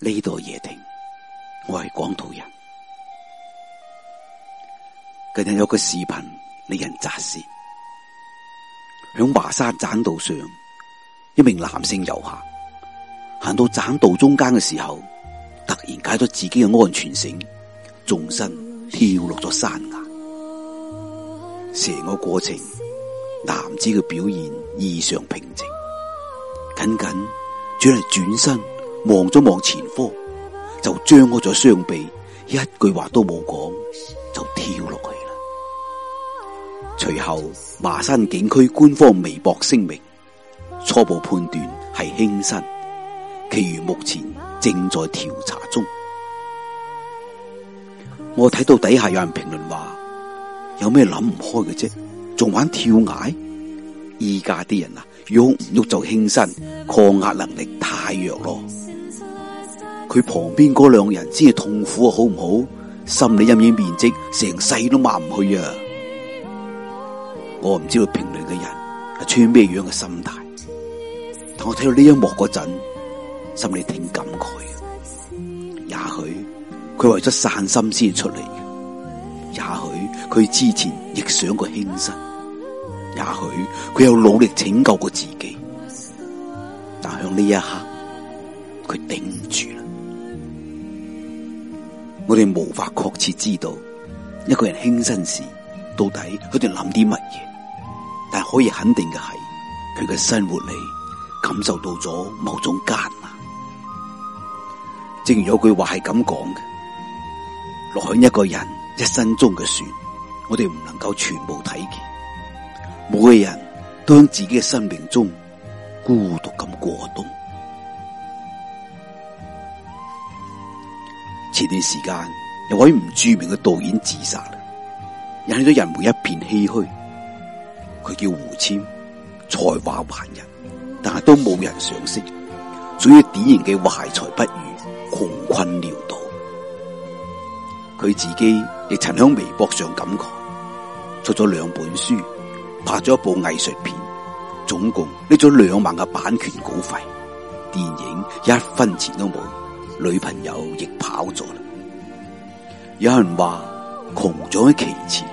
呢度係夜聽，我係廣土人。近日有個視頻令人咋舌，響華山棧道上，一名男性遊客行到棧道中間嘅時候，突然解咗自己嘅安全繩，縱身跳落咗山崖。成個過程，男子嘅表現異常平靜，僅僅轉嚟轉身。望咗望前方，就張開咗雙臂，一句話都冇講，就跳落去啦。隨後，華山景區官方微博聲明，初步判斷係輕生。其餘目前正在調查中。我睇到底下有人評論話，有咩諗唔開嘅啫？仲玩跳崖？依家啲人啊，喐唔郁就輕生，抗壓能力太弱咯。佢旁邊嗰兩人先係痛苦啊，好唔好？心理陰影面積成世都抹唔去啊！我唔知道評論嘅人係處於咩樣嘅心態，但我睇到呢一幕嗰陣，心裏挺感慨。也許佢為咗散心先出嚟，也許佢之前亦想過輕生，也許佢有努力拯救過自己，但響呢一刻，佢頂唔住啦。我哋無法確切知道一個人輕生時到底喺度諗啲乜嘢，但可以肯定嘅係，佢嘅生活裏感受到咗某種艱難。正如有句話係咁講嘅：落響一個人一生中嘅船，我哋唔能夠全部睇見。每個人都喺自己嘅生命中孤獨咁過冬。呢段時間有位唔著名嘅導演自殺，引起咗人們一片唏噓。佢叫胡謙，才華萬人，但係都冇人賞識，屬於典型嘅懷才不遇、窮困潦倒。佢自己亦曾喺微博上感慨：出咗兩本書，拍咗一部藝術片，總共拎咗兩萬嘅版權稿費，電影一分錢都冇。女朋友亦跑咗啦！有人話窮咗喺其次，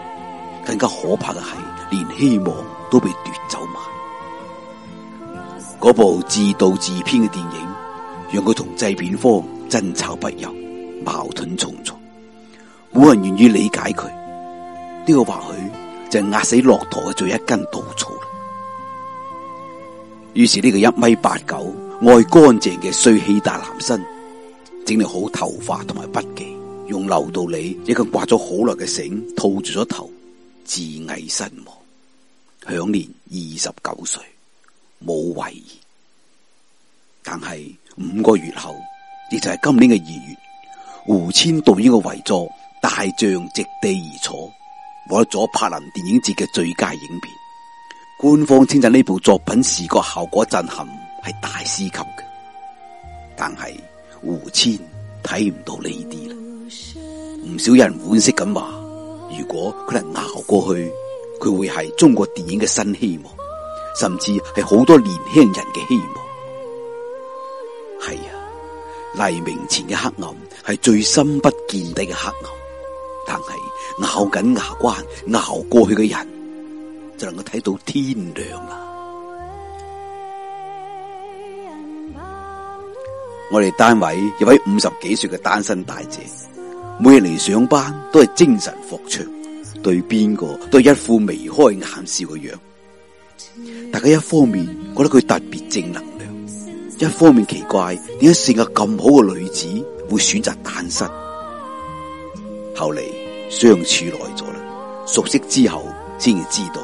更加可怕嘅係連希望都被奪走埋。嗰部自導自編嘅電影，讓佢同製片方爭吵不休，矛盾重重，冇人願意理解佢。呢個或許就係壓死駱駝嘅最一根稻草啦。於是呢個一米八九、愛乾淨嘅帥氣大男生。整理好頭髮同埋筆記，用樓道裏一個掛咗好耐嘅繩套住咗頭，自縊身亡，享年二十九歲，冇遺言。但係五個月後，亦就係今年嘅二月，胡遷導演嘅遺作《大象席地而坐》獲得咗柏林電影節嘅最佳影片，官方稱讚呢部作品視覺效果震撼，係大師級嘅。但係。胡遷睇唔到呢啲啦，唔少人惋惜咁話：如果佢能熬過去，佢會係中國電影嘅新希望，甚至係好多年輕人嘅希望。係啊，黎明前嘅黑暗係最深不見底嘅黑暗，但係咬緊牙關熬過去嘅人就能夠睇到天亮啦。我哋單位有位五十幾歲嘅單身大姐，每日嚟上班都係精神霍翔，對邊個都係一副眉開眼笑嘅樣。大家一方面覺得佢特別正能量，一方面奇怪點解性格咁好嘅女子會選擇單身。後嚟相處耐咗啦，熟悉之後先至知道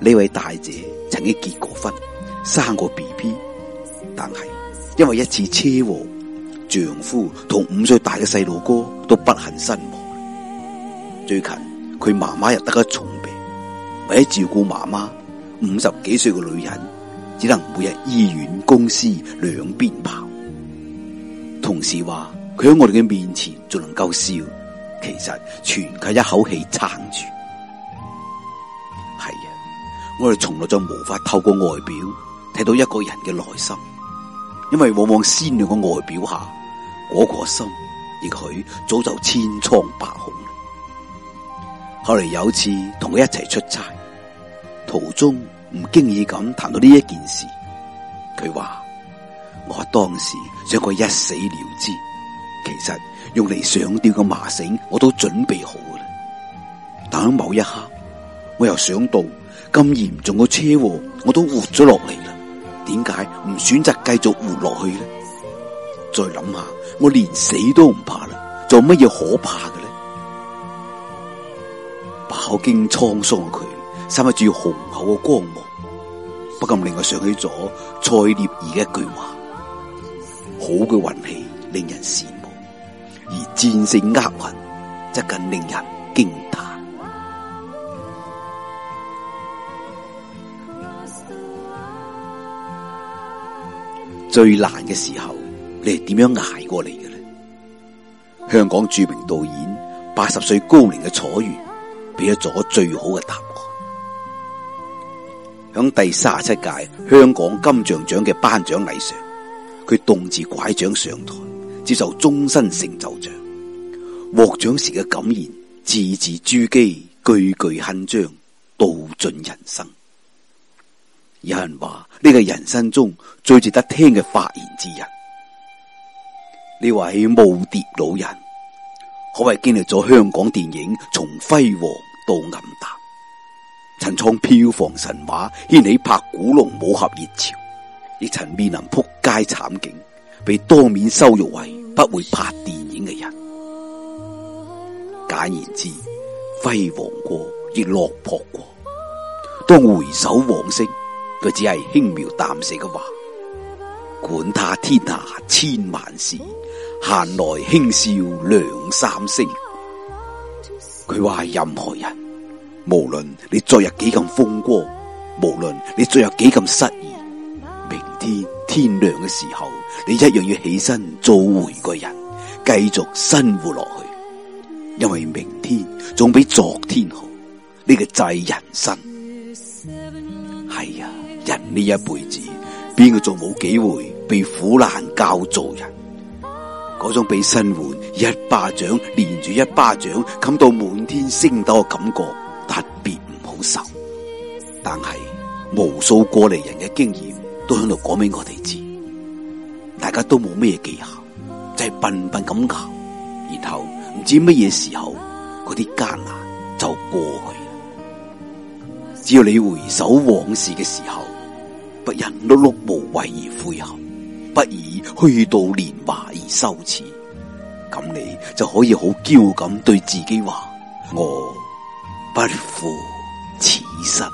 呢位大姐曾經結過婚，生過 BB，但係。因為一次車禍，丈夫同五歲大嘅細路哥都不幸身亡。最近佢媽媽又得咗重病，為咗照顧媽媽，五十幾歲嘅女人只能每日醫院、公司兩邊跑。同事話佢喺我哋嘅面前就能夠笑，其實全靠一口氣撐住。係啊，我哋從來就無法透過外表睇到一個人嘅內心。因為往往鮮亮嘅外表下，嗰個心，也許早就千瘡百孔。後嚟有一次同佢一齊出差，途中唔經意咁談到呢一件事，佢話：我當時想佢一死了之，其實用嚟上吊嘅麻繩我都準備好啦。但喺某一刻，我又想到咁嚴重嘅車禍，我都活咗落嚟。點解唔選擇繼續活落去呢？再諗下，我連死都唔怕啦，仲有乜嘢可怕嘅呢？飽經滄桑嘅佢，散發着雄厚嘅光芒，不禁令我想起咗蔡聶兒嘅一句話：好嘅運氣令人羨慕，而戰勝厄運則更令人。最難嘅時候，你係點樣挨過嚟嘅呢？香港著名導演八十歲高齡嘅楚原俾咗最好嘅答案。喺第三十七屆香港金像獎嘅頒獎禮上，佢動持拐杖上台接受終身成就獎，獲獎時嘅感言字字珠璣，句句鏗鏘，道盡人生。有人話呢、這個人生中最值得聽嘅發言之人。呢位耄耋老人，可謂經歷咗香港電影從輝煌到暗淡，曾創票房神話，掀起拍古龍武俠熱潮，亦曾面臨撲街慘景，被當面羞辱為不會拍電影嘅人。簡言之，輝煌過亦落魄過。當回首往昔。佢只係輕描淡寫嘅話，管他天下千萬事，閒來輕笑兩三聲。佢話任何人，無論你昨日幾咁風光，無論你昨日幾咁失意，明天天亮嘅時候，你一樣要起身做回個人，繼續生活落去，因為明天總比昨天好。呢、這個就係人生。係呀、啊。人呢一輩子，邊個仲冇機會被苦難教做人？嗰種被生活一巴掌連住一巴掌，冚到滿天星斗嘅感覺特別唔好受。但係無數過嚟人嘅經驗都響度講俾我哋知，大家都冇咩技巧，就係、是、笨笨咁咬，然後唔知乜嘢時候啲艱難就過去。只要你回首往事嘅時候，不因碌碌無為而悔恨，不以虛度年華而羞恥，咁你就可以好驕傲咁對自己話：我不負此生。